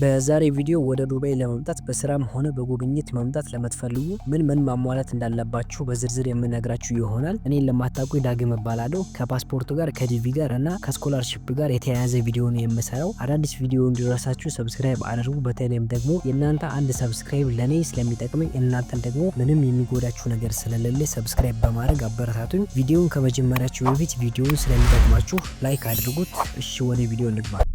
በዛሬ ቪዲዮ ወደ ዱባይ ለመምጣት በስራም ሆነ በጉብኝት መምጣት ለምትፈልጉ ምን ምን ማሟላት እንዳለባችሁ በዝርዝር የምነግራችሁ ይሆናል። እኔን ለማታውቁ ዳግም እባላለሁ። ከፓስፖርቱ ጋር ከዲቪ ጋር እና ከስኮላርሺፕ ጋር የተያያዘ ቪዲዮ ነው የምሰራው። አዳዲስ ቪዲዮ እንዲረሳችሁ ሰብስክራይብ አድርጉ። በተለይም ደግሞ የእናንተ አንድ ሰብስክራይብ ለእኔ ስለሚጠቅመኝ እናንተን ደግሞ ምንም የሚጎዳችሁ ነገር ስለሌለ ሰብስክራይብ በማድረግ አበረታቱኝ። ቪዲዮን ከመጀመሪያችሁ በፊት ቪዲዮን ስለሚጠቅማችሁ ላይክ አድርጉት። እሺ ወደ ቪዲዮ እንግባ።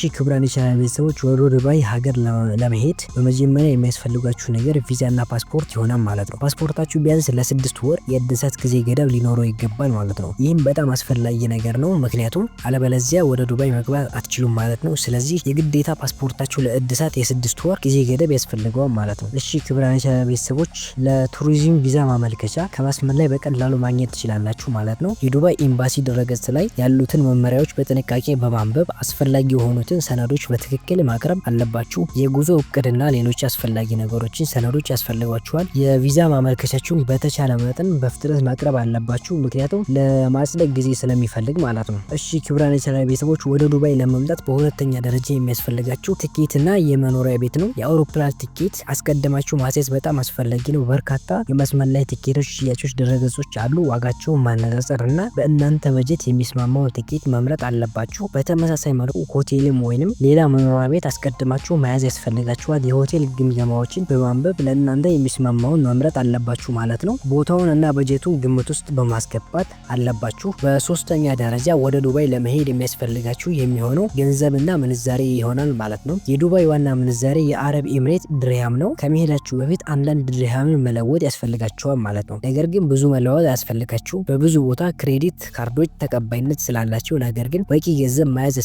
እሺ ክቡራን የቻናል ቤተሰቦች ወደ ዱባይ ሀገር ለመሄድ በመጀመሪያ የሚያስፈልጋችሁ ነገር ቪዛና ፓስፖርት ይሆናል ማለት ነው። ፓስፖርታችሁ ቢያንስ ለስድስት ወር የእድሳት ጊዜ ገደብ ሊኖረው ይገባል ማለት ነው። ይህም በጣም አስፈላጊ ነገር ነው፣ ምክንያቱም አለበለዚያ ወደ ዱባይ መግባት አትችሉም ማለት ነው። ስለዚህ የግዴታ ፓስፖርታችሁ ለእድሳት የስድስት ወር ጊዜ ገደብ ያስፈልገዋል ማለት ነው። እሺ ክቡራን የቻናል ቤተሰቦች ለቱሪዝም ቪዛ ማመልከቻ ከመስመር ላይ በቀላሉ ማግኘት ትችላላችሁ ማለት ነው። የዱባይ ኤምባሲ ድረገጽ ላይ ያሉትን መመሪያዎች በጥንቃቄ በማንበብ አስፈላጊ የሆኑት የሚያስፈልጉትን ሰነዶች በትክክል ማቅረብ አለባችሁ። የጉዞ እቅድና ሌሎች አስፈላጊ ነገሮችን ሰነዶች ያስፈልጓችኋል። የቪዛ ማመልከቻችሁን በተቻለ መጠን በፍጥነት ማቅረብ አለባችሁ፣ ምክንያቱም ለማጽደቅ ጊዜ ስለሚፈልግ ማለት ነው። እሺ ክቡራን የሰላይ ቤተሰቦች ወደ ዱባይ ለመምጣት በሁለተኛ ደረጃ የሚያስፈልጋችሁ ትኬትና የመኖሪያ ቤት ነው። የአውሮፕላን ትኬት አስቀድማችሁ ማስያዝ በጣም አስፈላጊ ነው። በርካታ የመስመር ላይ ትኬቶች ሽያጮች ድረገጾች አሉ። ዋጋቸውን ማነጻጸር በእናንተ በጀት የሚስማማውን ትኬት መምረጥ አለባችሁ። በተመሳሳይ መልኩ ሆቴልም ወይንም ሌላ መኖሪያ ቤት አስቀድማችሁ መያዝ ያስፈልጋችኋል። የሆቴል ግምገማዎችን በማንበብ ለእናንተ የሚስማማውን መምረጥ አለባችሁ ማለት ነው። ቦታውን እና በጀቱን ግምት ውስጥ በማስገባት አለባችሁ። በሶስተኛ ደረጃ ወደ ዱባይ ለመሄድ የሚያስፈልጋችሁ የሚሆነው ገንዘብና ምንዛሬ ይሆናል ማለት ነው። የዱባይ ዋና ምንዛሬ የአረብ ኤምሬት ድርሃም ነው። ከመሄዳችሁ በፊት አንዳንድ ድርሃምን መለወጥ ያስፈልጋችኋል ማለት ነው። ነገር ግን ብዙ መለወጥ ያስፈልጋችሁ በብዙ ቦታ ክሬዲት ካርዶች ተቀባይነት ስላላቸው፣ ነገር ግን በቂ ገንዘብ መያዝ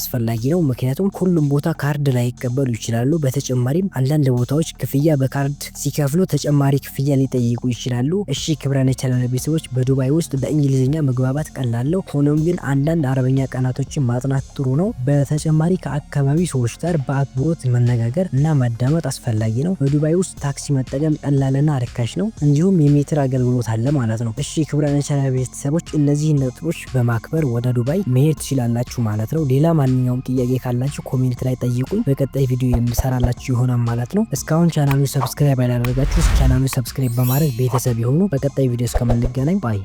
አስፈላጊ ነው። ምክንያቱም ሁሉም ቦታ ካርድ ላይቀበሉ ይችላሉ። በተጨማሪም አንዳንድ ቦታዎች ክፍያ በካርድ ሲከፍሉ ተጨማሪ ክፍያ ሊጠይቁ ይችላሉ። እሺ ክብረን የቻናል ቤተሰቦች በዱባይ ውስጥ በእንግሊዝኛ መግባባት ቀላለው። ሆኖም ግን አንዳንድ አረበኛ ቀናቶችን ማጥናት ጥሩ ነው። በተጨማሪ ከአካባቢ ሰዎች ጋር በአክብሮት መነጋገር እና ማዳመጥ አስፈላጊ ነው። በዱባይ ውስጥ ታክሲ መጠቀም ቀላልና አርካሽ ነው። እንዲሁም የሜትር አገልግሎት አለ ማለት ነው። እሺ ክብረን የቻናል ቤተሰቦች እነዚህ ነጥቦች በማክበር ወደ ዱባይ መሄድ ትችላላችሁ ማለት ነው። ሌላ ማንኛውም ጥያቄ ጥያቄ ካላችሁ ኮሜንት ላይ ጠይቁኝ። በቀጣይ ቪዲዮ የምሰራላችሁ ይሆናል ማለት ነው። እስካሁን ቻናሉ ሰብስክራይብ ያላደረጋችሁ ቻናሉ ሰብስክራይብ በማድረግ ቤተሰብ የሆኑ በቀጣይ ቪዲዮ እስከምንገናኝ ባይ